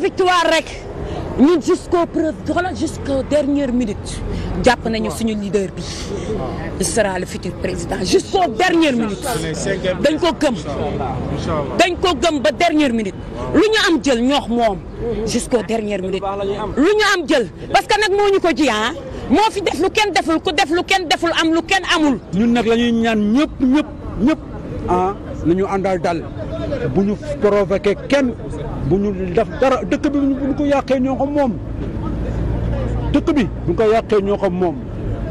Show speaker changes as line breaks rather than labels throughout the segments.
victoire rek ñun jusqu'au preuve xoolal jusqu'au minute jàpp nañu suñu leader bi il le futur président jusqu'au dernière minute
dañ ko gëm dañ
ko gëm ba dernière minute lu ñu am jël ñoox moom jusqu'au dernière minute lu ñu am jël parce que nag moo ñu ko ji ah moo fi def lu kenn deful ku def lu kenn deful am lu kenn amul ñun nag la ñu ñaan ñëpp ñëpp ñëpp
ah ñu àndal dal bu ñu provoqué kenn bu ñu def dara dëkk bi bu ñu ko yàqee ñoo ko moom dëkk bi bu ñu yàqee ñoo ko moom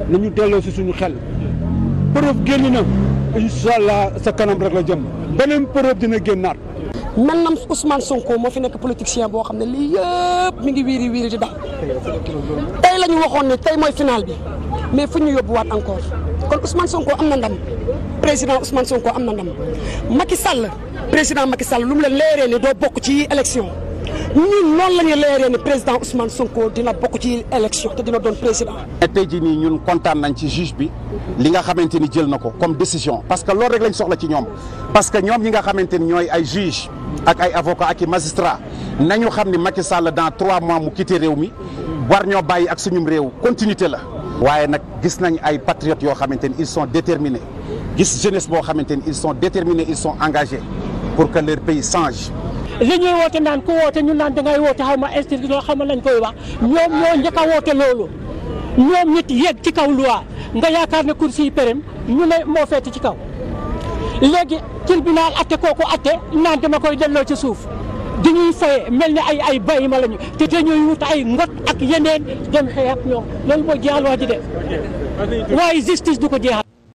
nañu delloo si suñu xel preuve génn na incha allah sa kanam
rek la jëm beneen preuve dina génnaat. man nam Ousmane Sonko moo fi nekk politicien boo xam ne lii yëpp mi ngi wiiri wiiri di daal tey la ñu waxoon ne tey mooy final bi mais fu ñu yóbbuwaat encore. kon Ousmane Sonko am na ndam président Ousmane Sonko am na ndam Macky Sall président Macky Sall lu mu la leeree ni doo bokk ci élection ñun
noonu la ñu leeree ni président Ousmane Sonko dina bokk ci élection te dina doon président. tey jii nii ñun kontaan nañ ci juge bi li nga xamante ni jël na ko comme décision parce que loolu rek lañ soxla ci ñoom parce que ñoom ñi nga xamante ni ñooy ay juge ak ay avocat ak i magistrat nañu xam ni Macky Sall dans trois mois mu réew mi war ñoo bàyyi ak suñum réew continuité la. waaye nag gis nañ ay patriotes yoo xamante ni ils sont déterminés gis jeunesse boo xamante ni ils sont déterminés ils engagé engagés pour que leur pays change. li ñuy woote naan ku woote ñu naan da ngay
woote xaw ma institution xaw ma lañ koy wax ñoom ñoo njëkk a woote loolu ñoom nit yegg ci kaw loi nga yaakaar ne kursi yi përëm ñu ne moo feeti ci kaw léegi tribunal atte kooku atte naan dama koy delloo ci suuf. dañuy foye mel ni ay ay bay ñu lañu te dañuy wut ay ngot ak yeneen dem xëy ak ñoom loolu mooy jeexal waa ji de waaye justice du ko jeexal